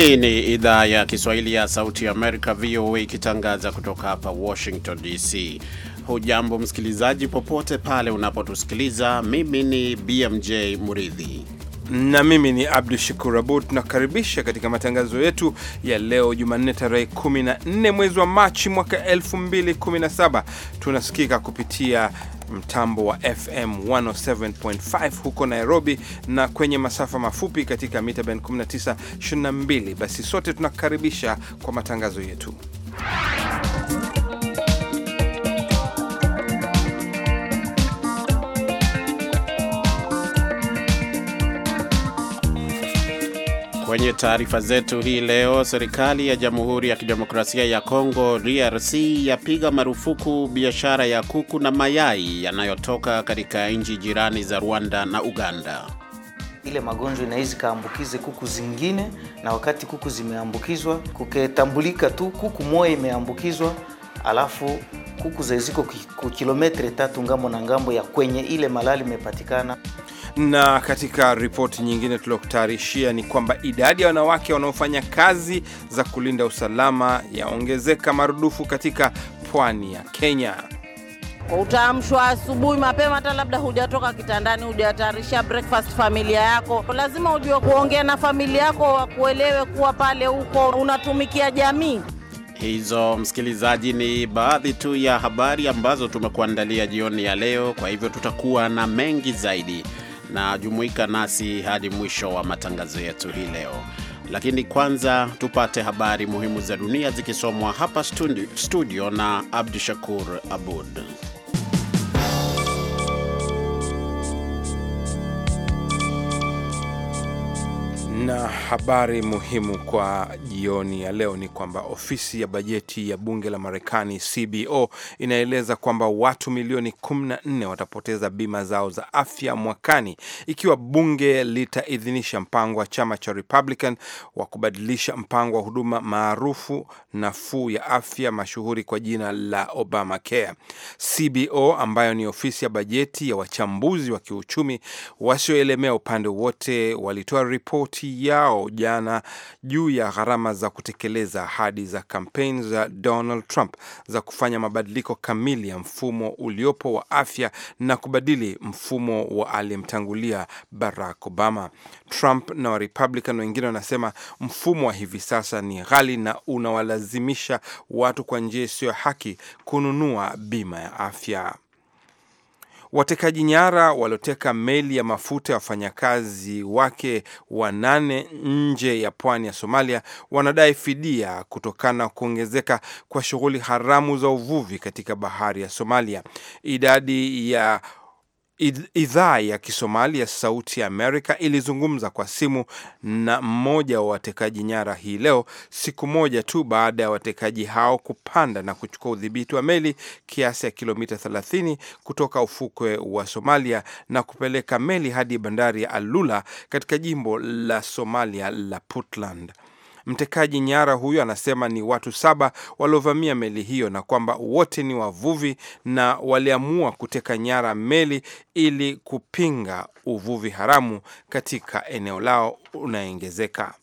Hii ni idhaa ya Kiswahili ya Sauti ya Amerika, VOA, ikitangaza kutoka hapa Washington DC. Hujambo msikilizaji, popote pale unapotusikiliza. Mimi ni BMJ Muridhi na mimi ni Abdu Shakur Abud. Tunakaribisha katika matangazo yetu ya leo Jumanne, tarehe 14 mwezi wa Machi mwaka 2017. Tunasikika kupitia mtambo wa FM 107.5 huko Nairobi na kwenye masafa mafupi katika mita band 19, 22. Basi sote tunakaribisha kwa matangazo yetu Kwenye taarifa zetu hii leo, serikali ya Jamhuri ya Kidemokrasia ya Kongo DRC yapiga marufuku biashara ya kuku na mayai yanayotoka katika nchi jirani za Rwanda na Uganda. Ile magonjwa inaweza ikaambukize kuku zingine, na wakati kuku zimeambukizwa, kuketambulika tu kuku moya imeambukizwa, alafu kuku zaiziko kilometre tatu ngambo na ngambo ya kwenye ile malali imepatikana. Na katika ripoti nyingine tuliokutayarishia ni kwamba idadi ya wanawake wanaofanya kazi za kulinda usalama yaongezeka marudufu katika pwani ya Kenya. Utaamshwa asubuhi mapema, hata labda hujatoka kitandani, hujatayarisha breakfast familia yako. Lazima ujue kuongea na familia yako, wakuelewe kuwa pale huko unatumikia jamii. Hizo msikilizaji, ni baadhi tu ya habari ambazo tumekuandalia jioni ya leo. Kwa hivyo tutakuwa na mengi zaidi na jumuika nasi hadi mwisho wa matangazo yetu hii leo. Lakini kwanza tupate habari muhimu za dunia zikisomwa hapa studio, studio na Abdu Shakur Abud. Na habari muhimu kwa jioni ya leo ni kwamba ofisi ya bajeti ya bunge la Marekani CBO inaeleza kwamba watu milioni 14 watapoteza bima zao za afya mwakani ikiwa bunge litaidhinisha mpango wa chama cha Republican wa kubadilisha mpango wa huduma maarufu nafuu ya afya mashuhuri kwa jina la Obamacare. CBO ambayo ni ofisi ya bajeti ya wachambuzi wa kiuchumi wasioelemea upande wote walitoa ripoti yao jana juu ya gharama za kutekeleza ahadi za kampeni za Donald Trump za kufanya mabadiliko kamili ya mfumo uliopo wa afya na kubadili mfumo wa aliyemtangulia Barack Obama. Trump na Warepublican wengine wanasema mfumo wa hivi sasa ni ghali na unawalazimisha watu kwa njia isiyo haki kununua bima ya afya. Watekaji nyara walioteka meli ya mafuta ya wafanyakazi wake wanane nje ya pwani ya Somalia wanadai fidia kutokana na kuongezeka kwa shughuli haramu za uvuvi katika bahari ya Somalia. Idadi ya Idhaa ya Kisomali ya Sauti ya Amerika ilizungumza kwa simu na mmoja wa watekaji nyara hii leo, siku moja tu baada ya watekaji hao kupanda na kuchukua udhibiti wa meli kiasi ya kilomita 30 kutoka ufukwe wa Somalia na kupeleka meli hadi bandari ya Alula katika jimbo la Somalia la Puntland. Mtekaji nyara huyo anasema ni watu saba waliovamia meli hiyo na kwamba wote ni wavuvi na waliamua kuteka nyara meli ili kupinga uvuvi haramu katika eneo lao unaongezeka.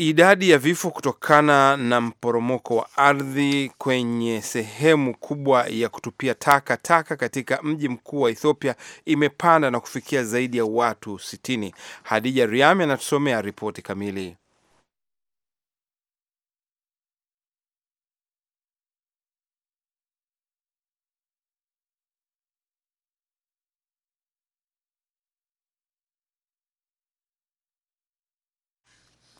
Idadi ya vifo kutokana na mporomoko wa ardhi kwenye sehemu kubwa ya kutupia taka taka katika mji mkuu wa Ethiopia imepanda na kufikia zaidi ya watu 60. Hadija Riami anatusomea ripoti kamili.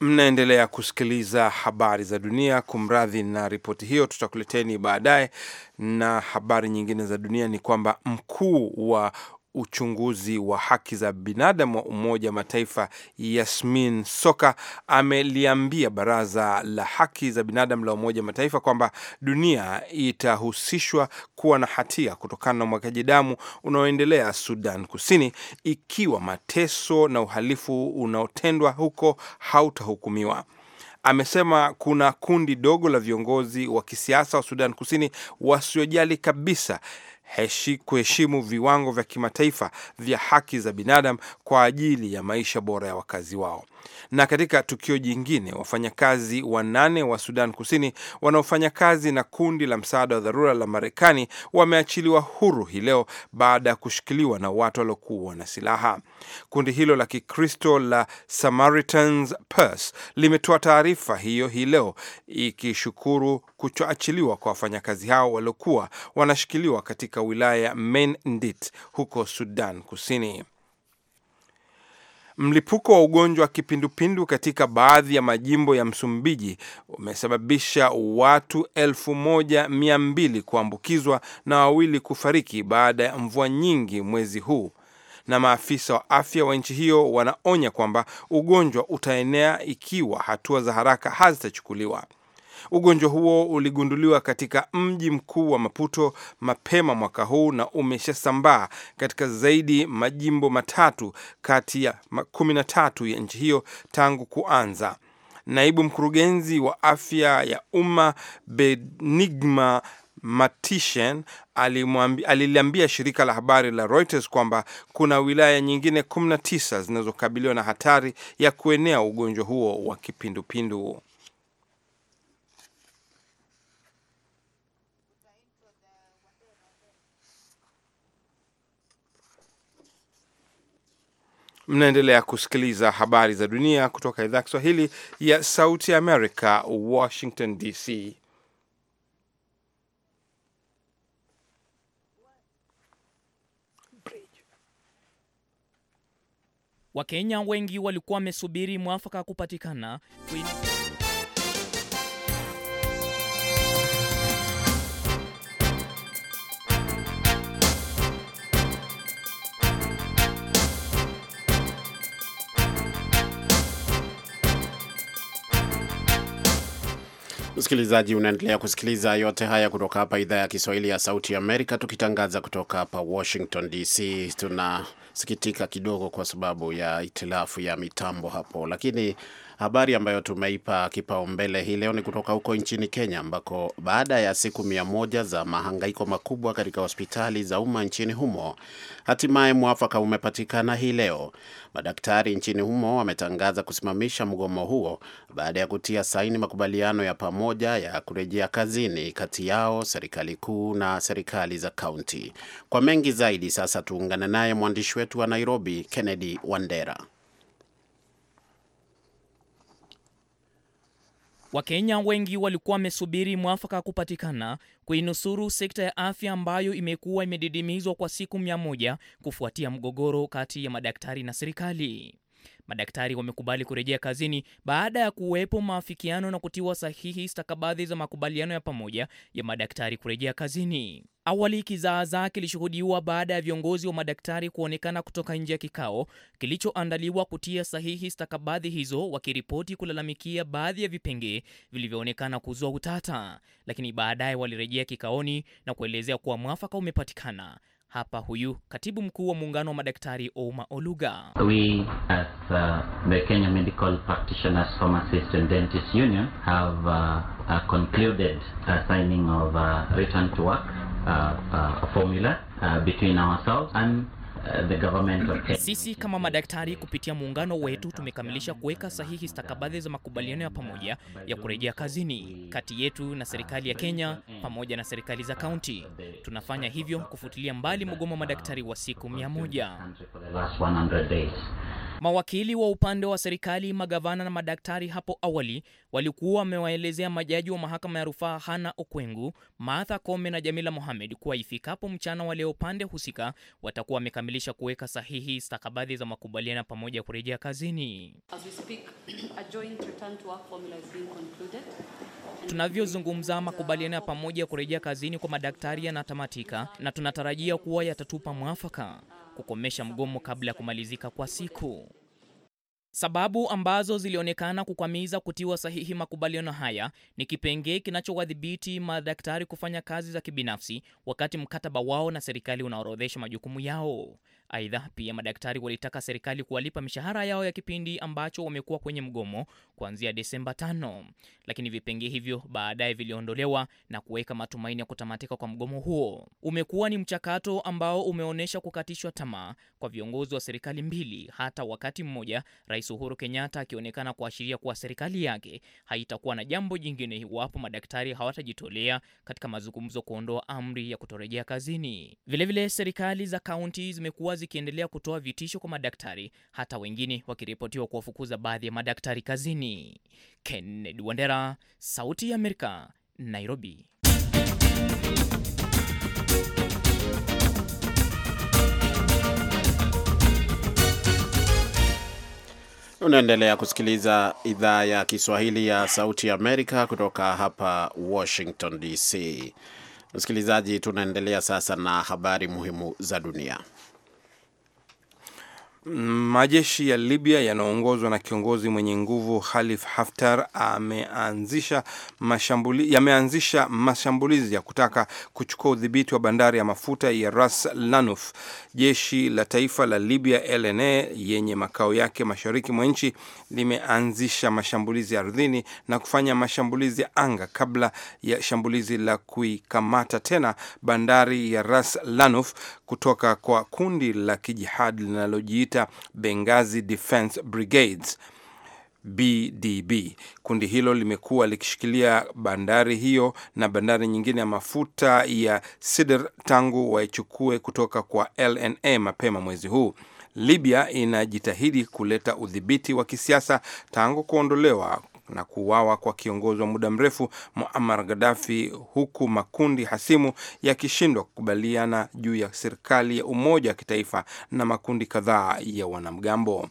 Mnaendelea kusikiliza habari za dunia. Kumradhi na ripoti hiyo, tutakuleteni baadaye. Na habari nyingine za dunia ni kwamba mkuu wa uchunguzi wa haki za binadamu wa Umoja Mataifa Yasmin Soka ameliambia Baraza la Haki za Binadamu la Umoja Mataifa kwamba dunia itahusishwa kuwa na hatia kutokana na umwagaji damu unaoendelea Sudan Kusini, ikiwa mateso na uhalifu unaotendwa huko hautahukumiwa. Amesema kuna kundi dogo la viongozi wa kisiasa wa Sudan Kusini wasiojali kabisa kuheshimu viwango vya kimataifa vya haki za binadamu kwa ajili ya maisha bora ya wakazi wao. Na katika tukio jingine, wafanyakazi wanane wa Sudan Kusini wanaofanya kazi na kundi la msaada wa dharura la Marekani wameachiliwa huru hii leo baada ya kushikiliwa na watu waliokuwa na silaha. Kundi hilo la Kikristo la Samaritans Purse limetoa taarifa hiyo hii leo ikishukuru kuachiliwa kwa wafanyakazi hao waliokuwa wanashikiliwa katika wilaya ya Main Ndit huko Sudan Kusini. Mlipuko wa ugonjwa wa kipindupindu katika baadhi ya majimbo ya Msumbiji umesababisha watu elfu moja mia mbili kuambukizwa na wawili kufariki baada ya mvua nyingi mwezi huu na maafisa wa afya wa nchi hiyo wanaonya kwamba ugonjwa utaenea ikiwa hatua za haraka hazitachukuliwa. Ugonjwa huo uligunduliwa katika mji mkuu wa Maputo mapema mwaka huu na umeshasambaa katika zaidi majimbo matatu kati ya kumi na tatu ya nchi hiyo tangu kuanza. Naibu mkurugenzi wa afya ya umma Benigma Matishen aliliambia shirika la habari la Reuters kwamba kuna wilaya nyingine 19 zinazokabiliwa na hatari ya kuenea ugonjwa huo wa kipindupindu. Mnaendelea kusikiliza habari za dunia kutoka idhaa Kiswahili ya Sauti Amerika, Washington DC. Wakenya wengi walikuwa wamesubiri mwafaka kupatikana Queen... Msikilizaji, unaendelea kusikiliza yote haya kutoka hapa idhaa ya Kiswahili ya Sauti Amerika, tukitangaza kutoka hapa Washington DC. tuna sikitika kidogo kwa sababu ya itilafu ya mitambo hapo, lakini habari ambayo tumeipa kipaumbele hii leo ni kutoka huko nchini Kenya ambako baada ya siku mia moja za mahangaiko makubwa katika hospitali za umma nchini humo hatimaye mwafaka umepatikana hii leo. Madaktari nchini humo wametangaza kusimamisha mgomo huo baada ya kutia saini makubaliano ya pamoja ya kurejea kazini kati yao, serikali kuu na serikali za kaunti. Kwa mengi zaidi, sasa tuungane naye mwandishi wetu wetu wa Nairobi, Kennedy Wandera. Wakenya wengi walikuwa wamesubiri mwafaka kupatikana kuinusuru sekta ya afya ambayo imekuwa imedidimizwa kwa siku mia moja kufuatia mgogoro kati ya madaktari na serikali. Madaktari wamekubali kurejea kazini baada ya kuwepo maafikiano na kutiwa sahihi stakabadhi za makubaliano ya pamoja ya madaktari kurejea kazini. Awali kizaazaa kilishuhudiwa baada ya viongozi wa madaktari kuonekana kutoka nje ya kikao kilichoandaliwa kutia sahihi stakabadhi hizo, wakiripoti kulalamikia baadhi ya vipengee vilivyoonekana kuzua utata, lakini baadaye walirejea kikaoni na kuelezea kuwa mwafaka umepatikana. Hapa huyu katibu mkuu wa muungano wa madaktari Ouma Oluga. We as uh, the Kenya Medical Practitioners Pharmacists and Dentists Union have uh, uh, concluded a signing of a uh, return to work uh, uh, formula uh, between ourselves and Uh, sisi kama madaktari kupitia muungano wetu tumekamilisha kuweka sahihi stakabadhi za makubaliano ya pamoja ya kurejea kazini kati yetu na serikali ya Kenya pamoja na serikali za kaunti. Tunafanya hivyo kufutilia mbali mgomo wa madaktari wa siku mia moja. Mawakili wa upande wa serikali, magavana na madaktari hapo awali walikuwa wamewaelezea majaji wa mahakama ya rufaa Hana Okwengu, Martha Kome na Jamila Mohamed kuwa ifikapo mchana wa leo pande husika watakuwa wamekamilisha kuweka sahihi stakabadhi za makubaliano pamoja kurejea kazini. Tunavyozungumza, makubaliano ya pamoja ya kurejea kazini kwa madaktari yanatamatika na tunatarajia kuwa yatatupa mwafaka kukomesha mgomo kabla ya kumalizika kwa siku. Sababu ambazo zilionekana kukwamiza kutiwa sahihi makubaliano haya ni kipengee kinachowadhibiti madaktari kufanya kazi za kibinafsi wakati mkataba wao na serikali unaorodhesha majukumu yao. Aidha, pia madaktari walitaka serikali kuwalipa mishahara yao ya kipindi ambacho wamekuwa kwenye mgomo kuanzia Desemba tano, lakini vipenge hivyo baadaye viliondolewa na kuweka matumaini ya kutamatika kwa mgomo huo. Umekuwa ni mchakato ambao umeonyesha kukatishwa tamaa kwa viongozi wa serikali mbili, hata wakati mmoja Rais Uhuru Kenyatta akionekana kuashiria kuwa serikali yake haitakuwa na jambo jingine iwapo madaktari hawatajitolea katika mazungumzo kuondoa amri ya kutorejea kazini. Vilevile vile serikali za kaunti zimekuwa zikiendelea kutoa vitisho kwa madaktari, hata wengine wakiripotiwa kuwafukuza baadhi ya madaktari kazini. Kennedy Wandera, Sauti ya Amerika, Nairobi. Unaendelea kusikiliza idhaa ya Kiswahili ya Sauti ya Amerika kutoka hapa Washington DC. Msikilizaji, tunaendelea sasa na habari muhimu za dunia. Majeshi ya Libya yanayoongozwa na kiongozi mwenye nguvu Khalif Haftar ameanzisha mashambuli, yameanzisha mashambulizi ya kutaka kuchukua udhibiti wa bandari ya mafuta ya Ras Lanuf. Jeshi la taifa la Libya LNA yenye makao yake mashariki mwa nchi limeanzisha mashambulizi ardhini na kufanya mashambulizi ya anga kabla ya shambulizi la kuikamata tena bandari ya Ras Lanuf kutoka kwa kundi la kijihadi linalojiita Benghazi Defense Brigades BDB. Kundi hilo limekuwa likishikilia bandari hiyo na bandari nyingine ya mafuta ya Sidr tangu waichukue kutoka kwa LNA mapema mwezi huu. Libya inajitahidi kuleta udhibiti wa kisiasa tangu kuondolewa na kuuawa kwa kiongozi wa muda mrefu Muammar Gaddafi, huku makundi hasimu yakishindwa kukubaliana juu ya serikali ya umoja wa kitaifa na makundi kadhaa ya wanamgambo.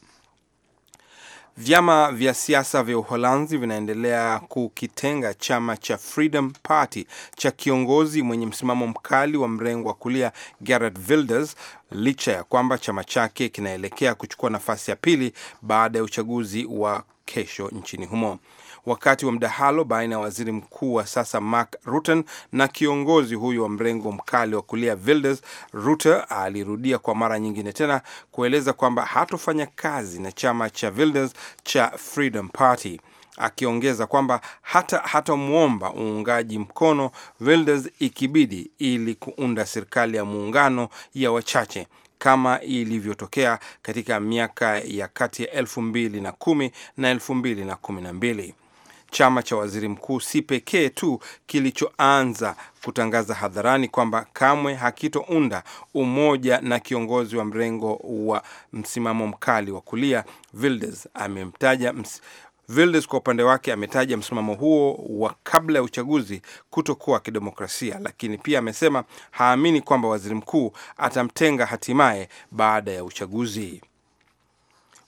Vyama vya siasa vya Uholanzi vinaendelea kukitenga chama cha Freedom Party cha kiongozi mwenye msimamo mkali wa mrengo wa kulia Geert Wilders licha ya kwamba chama chake kinaelekea kuchukua nafasi ya pili baada ya uchaguzi wa kesho nchini humo. Wakati wa mdahalo baina ya waziri mkuu wa sasa Mark ruten na kiongozi huyo wa mrengo mkali wa kulia Wilders, Rutte alirudia kwa mara nyingine tena kueleza kwamba hatofanya kazi na chama cha Wilders cha Freedom Party akiongeza kwamba hata hatamwomba uungaji mkono Wilders ikibidi ili kuunda serikali ya muungano ya wachache kama ilivyotokea katika miaka ya kati ya elfu mbili na kumi na elfu mbili na kumi na mbili. Chama cha waziri mkuu si pekee tu kilichoanza kutangaza hadharani kwamba kamwe hakitounda umoja na kiongozi wa mrengo wa msimamo mkali wa kulia. Wilders amemtaja Vildes kwa upande wake ametaja msimamo huo wa kabla ya uchaguzi kutokuwa kidemokrasia, lakini pia amesema haamini kwamba waziri mkuu atamtenga hatimaye baada ya uchaguzi.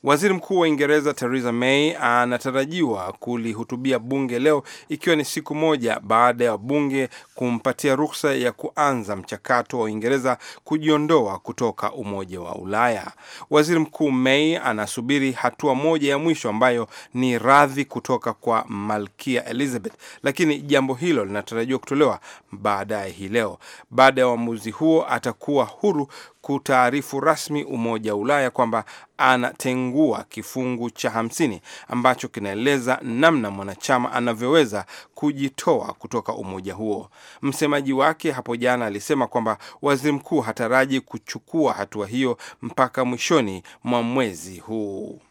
Waziri Mkuu wa Uingereza Theresa May anatarajiwa kulihutubia bunge leo ikiwa ni siku moja baada ya bunge kumpatia ruksa ya kuanza mchakato wa Uingereza kujiondoa kutoka Umoja wa Ulaya. Waziri Mkuu May anasubiri hatua moja ya mwisho ambayo ni radhi kutoka kwa Malkia Elizabeth, lakini jambo hilo linatarajiwa kutolewa baadaye hii leo. Baada ya uamuzi huo, atakuwa huru kutaarifu rasmi Umoja wa Ulaya kwamba anatengua kifungu cha hamsini ambacho kinaeleza namna mwanachama anavyoweza kujitoa kutoka umoja huo. Msemaji wake hapo jana alisema kwamba waziri mkuu hataraji kuchukua hatua hiyo mpaka mwishoni mwa mwezi huu.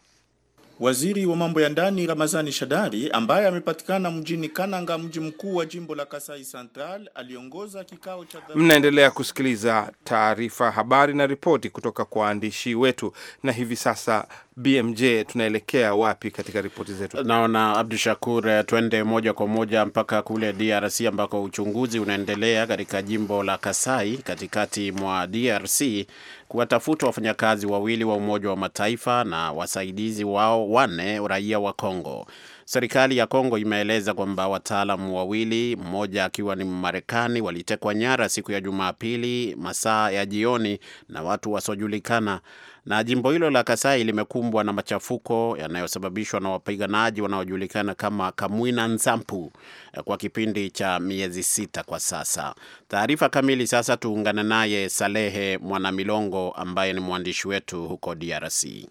Waziri wa mambo ya ndani Ramazani Shadari ambaye amepatikana mjini Kananga, mji mkuu wa jimbo la Kasai Central, aliongoza kikao cha. Mnaendelea kusikiliza taarifa, habari na ripoti kutoka kwa waandishi wetu, na hivi sasa BMJ, tunaelekea wapi katika ripoti zetu? Naona Abdu Shakur, eh, twende moja kwa moja mpaka kule DRC ambako uchunguzi unaendelea katika jimbo la Kasai katikati mwa DRC kuwatafuta wafanyakazi wawili wa Umoja wa Mataifa na wasaidizi wao wane raia wa Kongo. Serikali ya Kongo imeeleza kwamba wataalamu wawili, mmoja akiwa ni marekani walitekwa nyara siku ya Jumapili masaa ya jioni na watu wasiojulikana. Na jimbo hilo la Kasai limekumbwa na machafuko yanayosababishwa na wapiganaji wanaojulikana kama Kamwina Nzampu eh, kwa kipindi cha miezi sita kwa sasa. Taarifa kamili sasa, tuungane naye Salehe Mwanamilongo ambaye ni mwandishi wetu huko DRC.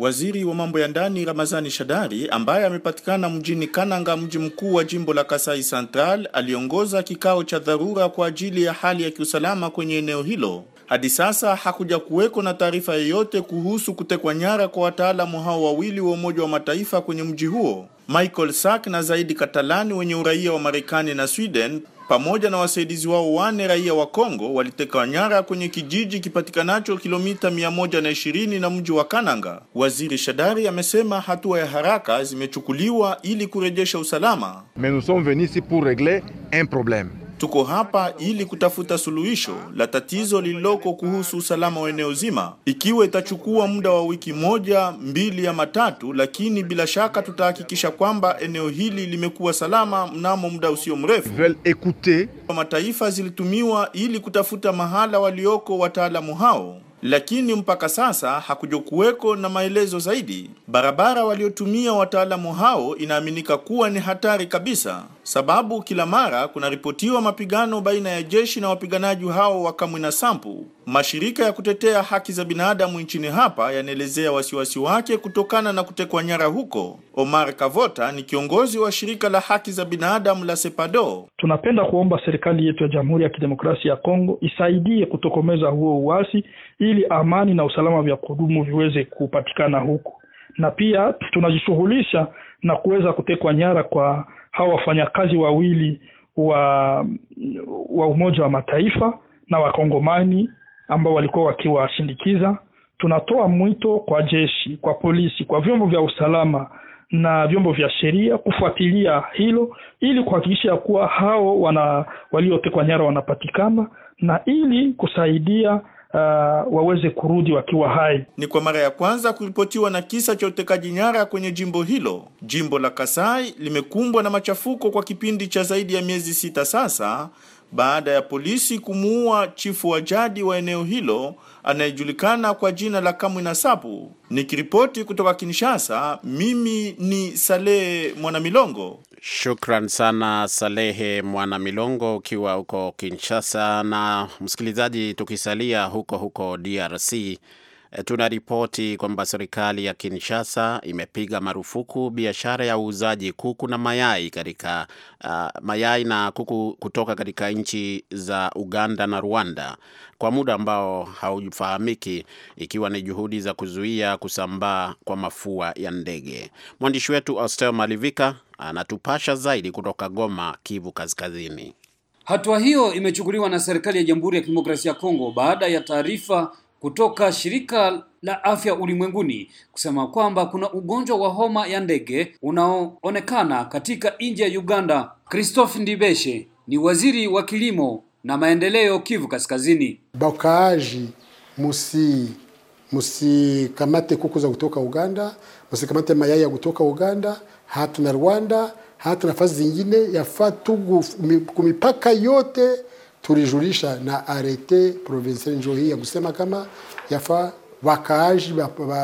Waziri wa mambo ya ndani Ramazani Shadari ambaye amepatikana mjini Kananga, mji mkuu wa jimbo la Kasai Central, aliongoza kikao cha dharura kwa ajili ya hali ya kiusalama kwenye eneo hilo. Hadi sasa hakuja kuweko na taarifa yoyote kuhusu kutekwa nyara kwa wataalamu hao wawili wa Umoja wa Mataifa kwenye mji huo, Michael Sack na Zaidi Katalani wenye uraia wa Marekani na Sweden pamoja na wasaidizi wao wane raia wa Kongo waliteka nyara kwenye kijiji kipatikanacho kilomita 120 na mji wa Kananga. Waziri Shadari amesema hatua ya haraka zimechukuliwa ili kurejesha usalama. Mais nous sommes venus ici pour régler un problème Tuko hapa ili kutafuta suluhisho la tatizo lililoko kuhusu usalama wa eneo zima. Ikiwa itachukua muda wa wiki moja, mbili ama tatu, lakini bila shaka tutahakikisha kwamba eneo hili limekuwa salama mnamo muda usio mrefu. Mataifa zilitumiwa ili kutafuta mahala walioko wataalamu hao lakini mpaka sasa hakujokuweko na maelezo zaidi. Barabara waliotumia wataalamu hao inaaminika kuwa ni hatari kabisa, sababu kila mara kunaripotiwa mapigano baina ya jeshi na wapiganaji hao wa Kamwina Sampu. Mashirika ya kutetea haki za binadamu nchini hapa yanaelezea wasiwasi wake kutokana na kutekwa nyara huko. Omar Kavota ni kiongozi wa shirika la haki za binadamu la Sepado. Tunapenda kuomba serikali yetu ya Jamhuri ya Kidemokrasia ya Kongo isaidie kutokomeza huo uasi ili amani na usalama vya kudumu viweze kupatikana huko, na pia tunajishughulisha na kuweza kutekwa nyara kwa hawa wafanyakazi wawili wa wa Umoja wa Mataifa na Wakongomani ambao walikuwa wakiwashindikiza. Tunatoa mwito kwa jeshi, kwa polisi, kwa vyombo vya usalama na vyombo vya sheria kufuatilia hilo ili kuhakikisha kuwa hao wana waliotekwa nyara wanapatikana na ili kusaidia Uh, waweze kurudi wakiwa hai. Ni kwa mara ya kwanza kuripotiwa na kisa cha utekaji nyara kwenye jimbo hilo. Jimbo la Kasai limekumbwa na machafuko kwa kipindi cha zaidi ya miezi sita sasa baada ya polisi kumuua chifu wa jadi wa eneo hilo anayejulikana kwa jina la Kamwina Sapu. Nikiripoti kutoka Kinshasa, mimi ni Salehe Mwanamilongo. Shukran sana Salehe Mwanamilongo ukiwa huko Kinshasa. Na msikilizaji, tukisalia huko huko DRC Eh, tunaripoti kwamba serikali ya Kinshasa imepiga marufuku biashara ya uuzaji kuku na mayai katika uh, mayai na kuku kutoka katika nchi za Uganda na Rwanda kwa muda ambao haufahamiki, ikiwa ni juhudi za kuzuia kusambaa kwa mafua ya ndege. Mwandishi wetu Austel Malivika anatupasha zaidi kutoka Goma, Kivu Kaskazini. Hatua hiyo imechukuliwa na serikali ya Jamhuri ya Kidemokrasia ya Kongo baada ya taarifa kutoka shirika la afya ulimwenguni kusema kwamba kuna ugonjwa wa homa ya ndege unaoonekana katika nchi ya Uganda. Christophe Ndibeshe ni waziri wa kilimo na maendeleo Kivu Kaskazini. Bakaaji, musi musikamate kuku za kutoka Uganda, musikamate mayai ya kutoka Uganda, hatu na Rwanda, hatu nafasi zingine, yafaa tu kumipaka yote tulijulisha na arete provinsiali njo hii ya kusema kama yafaa wakaaji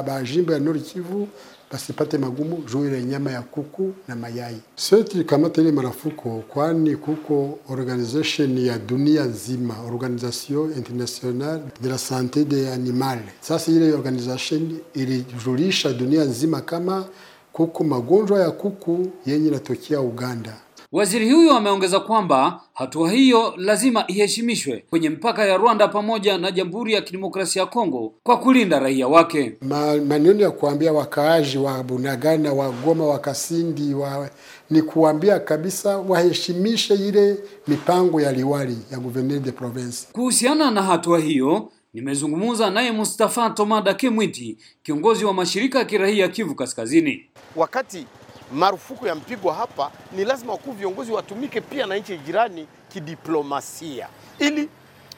bajimbo ya Nord Kivu basipate magumu juu ya nyama ya kuku na mayai. Sio tulikamata ile marafuko, kwani kuko organization ya dunia nzima, Organisation Internationale de la santé des Animal. Sasa ile organization ilijulisha dunia nzima kama kuko magonjwa ya kuku yenye natokea Uganda Waziri huyo ameongeza kwamba hatua hiyo lazima iheshimishwe kwenye mpaka ya Rwanda pamoja na Jamhuri ya Kidemokrasia ya Kongo kwa kulinda raia wake. Ma, maneno ya kuambia wakaaji wa Bunagana, wa Goma, wa Kasindi wa, ni kuambia kabisa waheshimishe ile mipango ya liwali ya gouverneur de province. Kuhusiana na hatua hiyo nimezungumza naye Mustafa Tomada Kimwiti, kiongozi wa mashirika ya kirahia Kivu Kaskazini. Wakati marufuku ya mpigwa hapa, ni lazima wakuu viongozi watumike pia na nchi jirani kidiplomasia, ili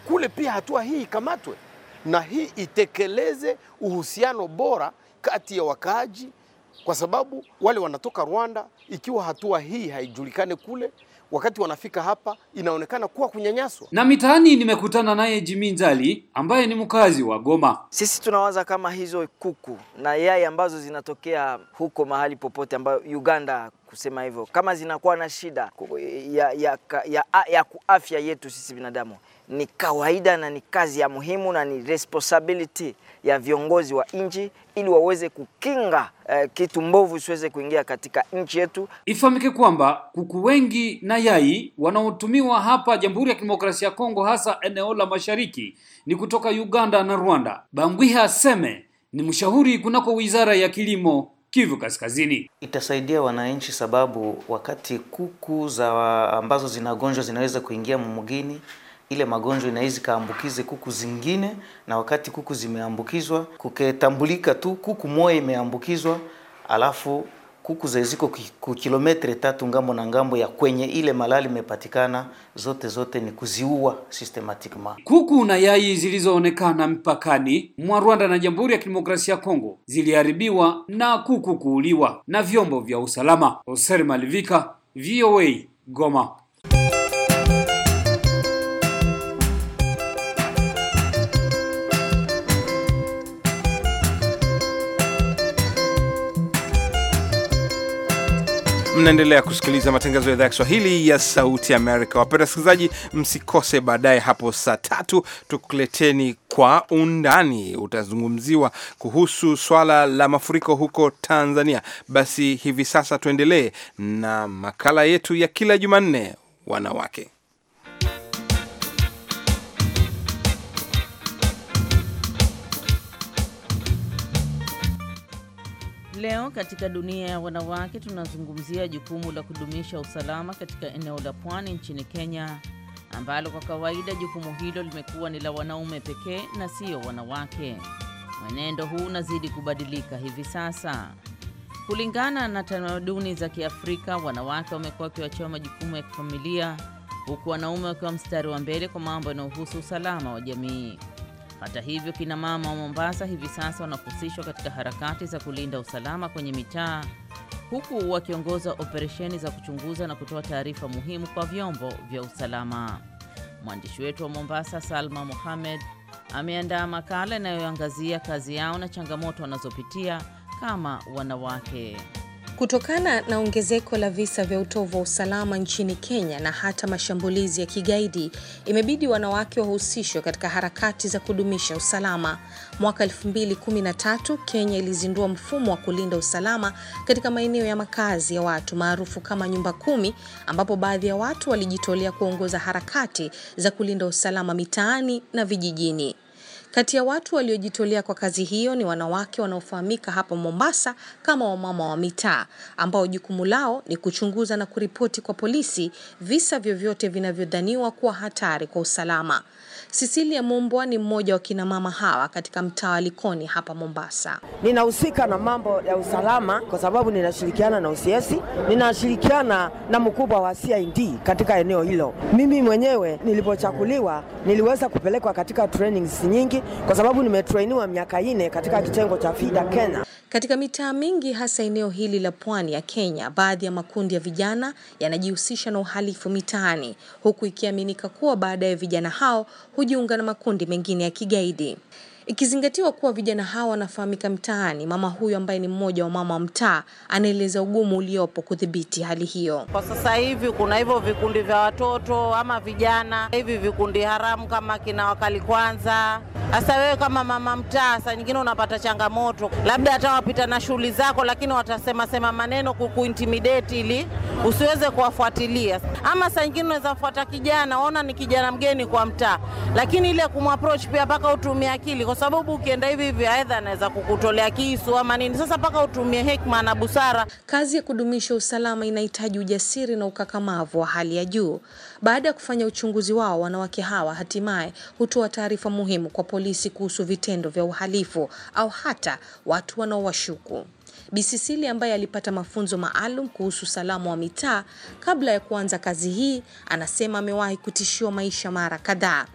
kule pia hatua hii ikamatwe na hii itekeleze uhusiano bora kati ya wakaaji, kwa sababu wale wanatoka Rwanda. Ikiwa hatua hii haijulikane kule wakati wanafika hapa inaonekana kuwa kunyanyaswa. Na mitaani nimekutana naye Jimmy Nzali ambaye ni mkazi wa Goma. Sisi tunawaza kama hizo kuku na yai ambazo zinatokea huko mahali popote ambayo Uganda kusema hivyo, kama zinakuwa na shida ya, ya, ya, ya kuafya yetu sisi binadamu, ni kawaida na ni kazi ya muhimu na ni responsibility ya viongozi wa nchi ili waweze kukinga eh, kitu mbovu siweze kuingia katika nchi yetu. Ifahamike kwamba kuku wengi na yai wanaotumiwa hapa Jamhuri ya Kidemokrasia ya Kongo, hasa eneo la mashariki, ni kutoka Uganda na Rwanda. Bangwiha Seme ni mshauri kunako Wizara ya Kilimo Kivu Kaskazini. Itasaidia wananchi sababu wakati kuku za ambazo zinagonjwa zinaweza kuingia mumugini, ile magonjwa inaweza kaambukize kuku zingine, na wakati kuku zimeambukizwa kuketambulika tu kuku moja imeambukizwa alafu kuku ze ziko ku kilometre tatu ngambo na ngambo ya kwenye ile malali imepatikana, zote zote ni kuziua systematiquement. Kuku na yai zilizoonekana mpakani mwa Rwanda na Jamhuri ya Kidemokrasia ya Kongo ziliharibiwa na kuku kuuliwa na vyombo vya usalama. Oser Malivika, VOA, Goma. Mnaendelea kusikiliza matangazo ya idhaa ya Kiswahili ya Sauti Amerika. Wapenda wasikilizaji, msikose baadaye hapo saa tatu tukuleteni kwa undani, utazungumziwa kuhusu swala la mafuriko huko Tanzania. Basi hivi sasa tuendelee na makala yetu ya kila Jumanne, wanawake Leo katika dunia ya wanawake tunazungumzia jukumu la kudumisha usalama katika eneo la pwani nchini Kenya, ambalo kwa kawaida jukumu hilo limekuwa ni la wanaume pekee na siyo wanawake. Mwenendo huu unazidi kubadilika hivi sasa. Kulingana na tamaduni za Kiafrika, wanawake wamekuwa wakiwachiwa majukumu ya kifamilia, huku wanaume wakiwa mstari wa mbele kwa mambo yanayohusu usalama wa jamii. Hata hivyo, kina mama wa Mombasa hivi sasa wanahusishwa katika harakati za kulinda usalama kwenye mitaa huku wakiongoza operesheni za kuchunguza na kutoa taarifa muhimu kwa vyombo vya usalama. Mwandishi wetu wa Mombasa, Salma Mohamed, ameandaa makala inayoangazia kazi yao na changamoto wanazopitia kama wanawake. Kutokana na ongezeko la visa vya utovu wa usalama nchini Kenya na hata mashambulizi ya kigaidi, imebidi wanawake wahusishwe katika harakati za kudumisha usalama. Mwaka 2013 Kenya ilizindua mfumo wa kulinda usalama katika maeneo ya makazi ya watu maarufu kama nyumba kumi, ambapo baadhi ya watu walijitolea kuongoza harakati za kulinda usalama mitaani na vijijini. Kati ya watu waliojitolea kwa kazi hiyo ni wanawake wanaofahamika hapa Mombasa kama wamama wa mitaa ambao jukumu lao ni kuchunguza na kuripoti kwa polisi visa vyovyote vinavyodhaniwa kuwa hatari kwa usalama. Cecilia Mombwa ni mmoja wa kina mama hawa katika mtaa Likoni hapa Mombasa. Ninahusika na mambo ya usalama kwa sababu ninashirikiana na UCS, ninashirikiana na mkubwa wa CID katika eneo hilo. Mimi mwenyewe nilipochakuliwa niliweza kupelekwa katika trainings nyingi kwa sababu nimetrainiwa miaka nne katika kitengo cha FIDA Kenya. Katika mitaa mingi hasa eneo hili la pwani ya Kenya, baadhi ya makundi ya vijana yanajihusisha na uhalifu mitaani, huku ikiaminika kuwa baadaye vijana hao hujiunga na makundi mengine ya kigaidi. Ikizingatiwa kuwa vijana hawa wanafahamika mtaani, mama huyu ambaye ni mmoja wa mama wa mtaa anaeleza ugumu uliopo kudhibiti hali hiyo. Kwa sasa hivi kuna hivyo vikundi vya watoto ama vijana, hivi vikundi haramu kama kina wakali kwanza sasa wewe kama mama mtaa, saa nyingine unapata changamoto, labda hata wapita na shughuli zako, lakini watasema sema maneno kukuintimidate ili usiweze kuwafuatilia. Ama saa nyingine unaweza fuata kijana, waona ni kijana mgeni kwa mtaa, lakini ile kumapproach pia paka utumie akili, kwa sababu ukienda hivi hivi aidha anaweza kukutolea kisu ama nini. Sasa paka utumie hekima na busara. Kazi ya kudumisha usalama inahitaji ujasiri na ukakamavu wa hali ya juu. Baada ya kufanya uchunguzi wao, wanawake hawa hatimaye hutoa taarifa muhimu kwa polisi kuhusu vitendo vya uhalifu au hata watu wanaowashuku. Bisisili ambaye alipata mafunzo maalum kuhusu usalama wa mitaa kabla ya kuanza kazi hii, anasema amewahi kutishiwa maisha mara kadhaa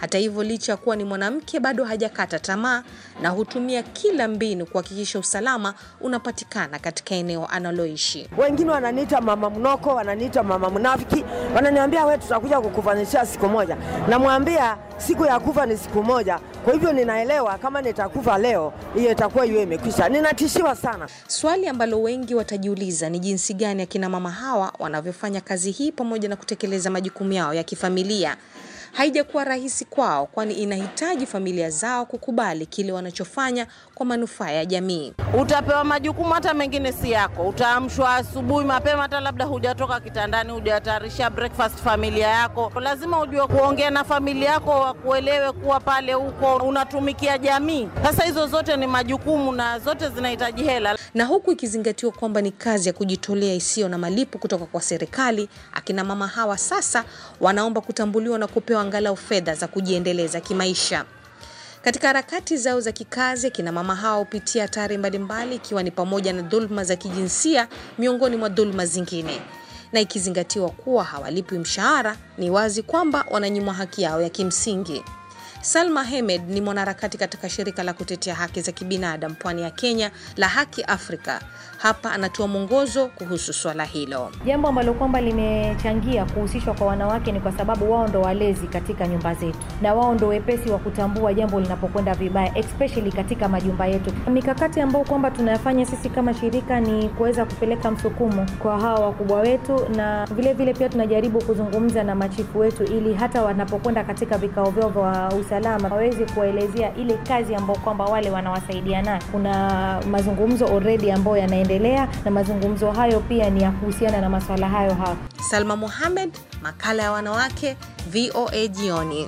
hata hivyo, licha ya kuwa ni mwanamke, bado hajakata tamaa na hutumia kila mbinu kuhakikisha usalama unapatikana katika eneo analoishi. Wengine wananiita mama mnoko, wananiita mama mnafiki, wananiambia we, tutakuja kukufanisha siku moja. Namwambia siku ya kufa ni siku moja, kwa hivyo ninaelewa kama nitakufa leo, hiyo itakuwa hiyo imekwisha. Ninatishiwa sana. Swali ambalo wengi watajiuliza ni jinsi gani akina mama hawa wanavyofanya kazi hii pamoja na kutekeleza majukumu yao ya kifamilia haijakuwa rahisi kwao, kwani inahitaji familia zao kukubali kile wanachofanya kwa manufaa ya jamii. Utapewa majukumu hata mengine si yako, utaamshwa asubuhi mapema, hata labda hujatoka kitandani, hujatayarisha breakfast familia yako. Lazima ujue kuongea na familia yako, wakuelewe kuwa pale huko unatumikia jamii. Sasa hizo zote ni majukumu na zote zinahitaji hela, na huku ikizingatiwa kwamba ni kazi ya kujitolea isiyo na malipo kutoka kwa serikali, akina mama hawa sasa wanaomba kutambuliwa na kupewa angalau fedha za kujiendeleza kimaisha. Katika harakati zao za kikazi, akina mama hao hupitia hatari mbalimbali, ikiwa ni pamoja na dhuluma za kijinsia miongoni mwa dhuluma zingine. Na ikizingatiwa kuwa hawalipwi mshahara, ni wazi kwamba wananyimwa haki yao ya kimsingi. Salma Hemed ni mwanaharakati katika shirika la kutetea haki za kibinadamu pwani ya Kenya la Haki Afrika. Hapa anatoa mwongozo kuhusu swala hilo. Jambo ambalo kwamba limechangia kuhusishwa kwa wanawake ni kwa sababu wao ndo walezi katika nyumba zetu, na wao ndo wepesi wa kutambua jambo linapokwenda vibaya, especially katika majumba yetu. Mikakati ambayo kwamba tunayafanya sisi kama shirika ni kuweza kupeleka msukumo kwa hawa wakubwa wetu, na vilevile vile pia tunajaribu kuzungumza na machifu wetu, ili hata wanapokwenda katika vikao vyao vya usalama waweze kuwaelezea ile kazi ambao kwamba wale wanawasaidia nayo. Kuna mazungumzo already ambayo yanaendelea yanaendelea, na mazungumzo hayo pia ni ya kuhusiana na masuala hayo hayo. Salma Mohamed, makala ya wanawake, VOA Jioni.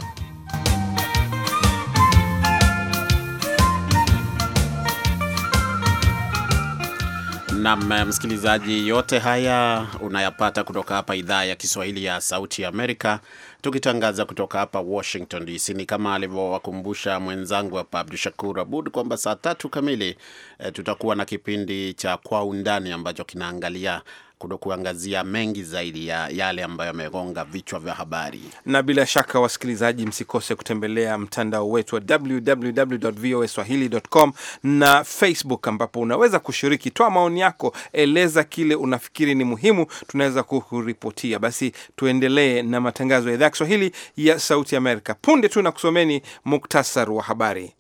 nam eh, msikilizaji, yote haya unayapata kutoka hapa idhaa ya Kiswahili ya Sauti ya Amerika, tukitangaza kutoka hapa Washington DC. Ni kama alivyowakumbusha mwenzangu hapa Abdu Shakur Abud kwamba saa tatu kamili eh, tutakuwa na kipindi cha Kwa Undani ambacho kinaangalia kuangazia mengi zaidi ya yale ambayo yamegonga vichwa vya habari. Na bila shaka, wasikilizaji, msikose kutembelea mtandao wetu wa www.voaswahili.com na Facebook, ambapo unaweza kushiriki. Toa maoni yako, eleza kile unafikiri ni muhimu, tunaweza kukuripotia. Basi tuendelee na matangazo ya idhaa ya Kiswahili ya Sauti Amerika. Punde tu na kusomeni muktasar wa habari.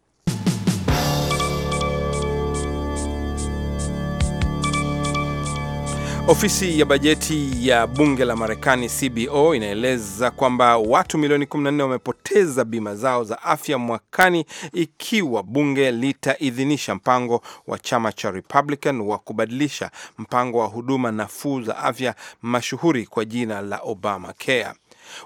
Ofisi ya bajeti ya bunge la Marekani CBO inaeleza kwamba watu milioni 14 wamepoteza bima zao za afya mwakani ikiwa bunge litaidhinisha mpango wa chama cha Republican wa kubadilisha mpango wa huduma nafuu za afya mashuhuri kwa jina la Obamacare.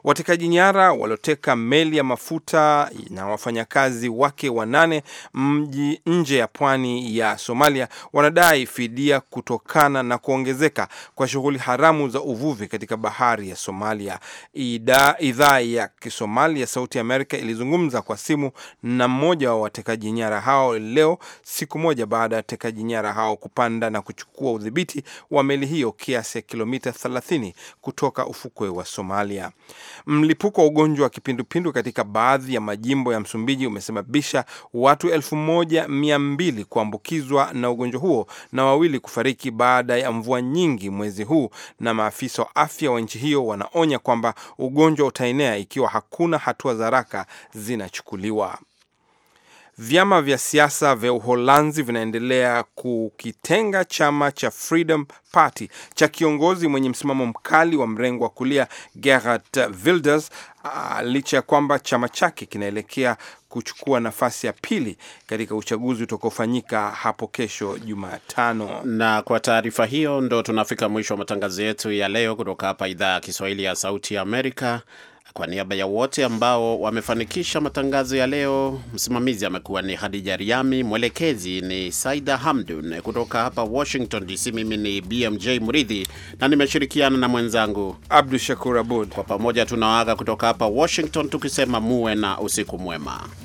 Watekaji nyara walioteka meli ya mafuta na wafanyakazi wake wanane mji nje ya pwani ya Somalia wanadai fidia kutokana na kuongezeka kwa shughuli haramu za uvuvi katika bahari ya Somalia. Idhaa ya Kisomali ya Sauti Amerika ilizungumza kwa simu na mmoja wa watekaji nyara hao leo, siku moja baada ya watekaji nyara hao kupanda na kuchukua udhibiti wa meli hiyo kiasi ya kilomita 30 kutoka ufukwe wa Somalia. Mlipuko wa ugonjwa wa kipindupindu katika baadhi ya majimbo ya Msumbiji umesababisha watu elfu moja mia mbili kuambukizwa na ugonjwa huo na wawili kufariki baada ya mvua nyingi mwezi huu, na maafisa wa afya wa nchi hiyo wanaonya kwamba ugonjwa utaenea ikiwa hakuna hatua za haraka zinachukuliwa. Vyama vya siasa vya Uholanzi vinaendelea kukitenga chama cha Freedom Party cha kiongozi mwenye msimamo mkali wa mrengo wa kulia Geert Wilders licha ya kwamba chama chake kinaelekea kuchukua nafasi ya pili katika uchaguzi utakaofanyika hapo kesho Jumatano. Na kwa taarifa hiyo ndo tunafika mwisho wa matangazo yetu ya leo kutoka hapa idhaa ya Kiswahili ya Sauti ya Amerika. Kwa niaba ya wote ambao wamefanikisha matangazo ya leo, msimamizi amekuwa ni Hadija Riami, mwelekezi ni Saida Hamdun. Kutoka hapa Washington DC, mimi ni BMJ mridhi na nimeshirikiana na mwenzangu Abdu Shakur Abud. Kwa pamoja tunawaaga kutoka hapa Washington tukisema muwe na usiku mwema.